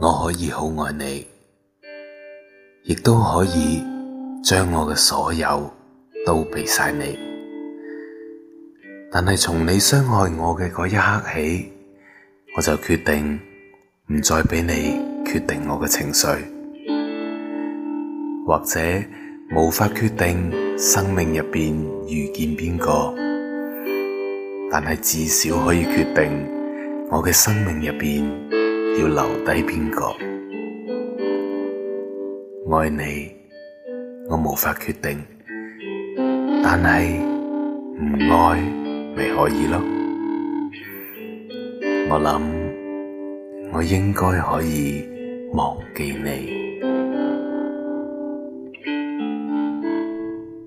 我可以好愛你，亦都可以將我嘅所有都俾晒你。但係從你傷害我嘅嗰一刻起，我就決定唔再俾你決定我嘅情緒，或者無法決定生命入面遇見邊個。但係至少可以決定。我嘅生命入邊要留低邊個？愛你，我無法決定，但係唔愛咪可以咯？我諗，我應該可以忘記你。